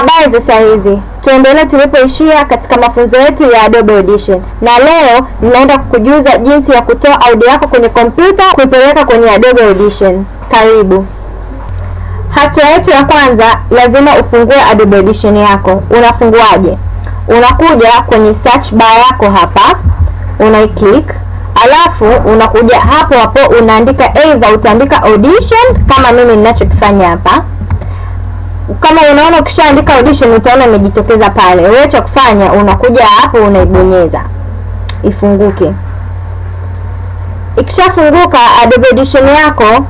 Habari za saa hizi, tuendelee tulipoishia katika mafunzo yetu ya Adobe Audition, na leo ninaenda kukujuza jinsi ya kutoa audio yako kwenye kompyuta kuipeleka kwenye Adobe Audition. Karibu. Hatua yetu ya kwanza, lazima ufungue Adobe Audition yako. Unafunguaje? Unakuja kwenye search bar yako hapa, unaiclick alafu unakuja hapo hapo unaandika, aidha utaandika audition kama mimi ninachokifanya hapa kama unaona ukishaandika audition utaona imejitokeza pale. Wewe cha kufanya unakuja hapo unaibonyeza ifunguke. Ikishafunguka Adobe Audition yako,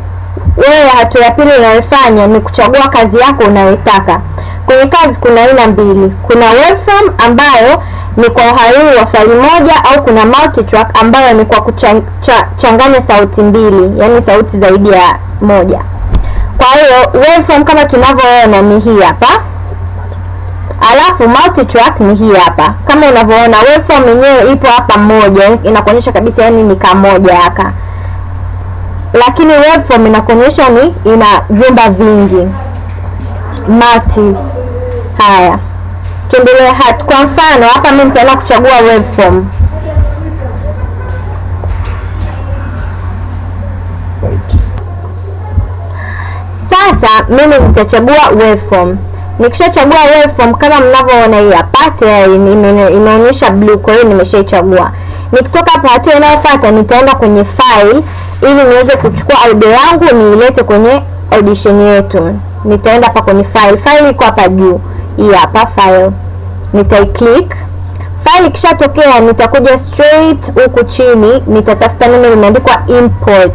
wewe hatua ya pili unayofanya ni kuchagua kazi yako unayotaka. Kwenye kazi kuna aina mbili, kuna webcam ambayo ni kwa uhariri wa faili moja au kuna multitrack ambayo ni kwa kuchanganya cha, sauti mbili, yaani sauti zaidi ya moja. Kwa hiyo waveform kama tunavyoona ni hii hapa, alafu multi track ni hii hapa. Kama unavyoona waveform yenyewe ipo hapa moja, inakuonyesha kabisa, yani ni kamoja haka, lakini waveform inakuonyesha ni ina vyumba vingi multi. Haya, tuendelee. Kwa mfano hapa mimi nitaenda kuchagua waveform mimi nitachagua waveform. Nikishachagua waveform kama mnavyoona hii hapa imeonyesha blue, kwa hiyo nimeshaichagua. Nikitoka hapa, hatua inayofuata nitaenda kwenye file ili niweze kuchukua audio yangu niilete kwenye audition yetu. Nitaenda hapa kwenye file, file iko hapa juu, hii hapa file, nitaiclick file. Ikishatokea nitakuja straight huku chini, nitatafuta neno limeandikwa import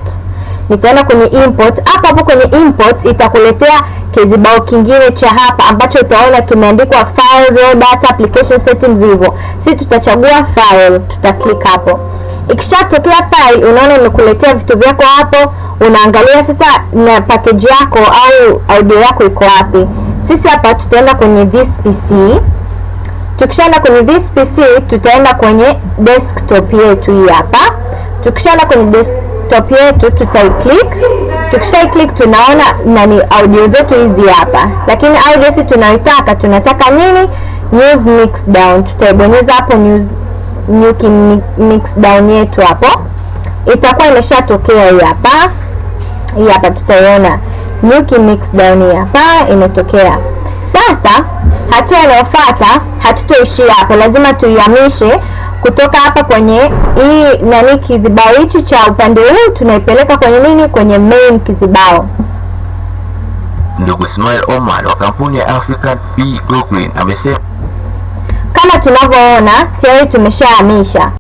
nitaenda kwenye import. Hapa hapo kwenye import itakuletea kizibao kingine cha hapa ambacho utaona kimeandikwa file raw data application settings hivyo. Si tutachagua file, tutaklik hapo. Ikishatokea file, unaona imekuletea vitu vyako hapo, unaangalia sasa na package yako au audio yako iko wapi. Sisi hapa tutaenda kwenye this PC. Tukishaenda kwenye this PC, tutaenda kwenye desktop yetu hii hapa. Tukishaenda kwenye desktop laptop yetu tutaiclick. Tukishaiclick tunaona nani audio zetu hizi hapa, lakini audio si tunaitaka, tunataka nini? News mix down. Tutaibonyeza hapo news new mix down yetu hapo, itakuwa imeshatokea hii hapa, hii hapa tutaiona new mix down hapa imetokea. Sasa hatua inayofuata, hatutoishia hapo, lazima tuihamishe kutoka hapa kwenye hii nani kizibao hichi cha upande huu tunaipeleka kwenye nini, kwenye main kizibao. Ndugu Ismail Omar wa kampuni ya African Bee Group amesema kama tunavyoona tayari tumeshahamisha.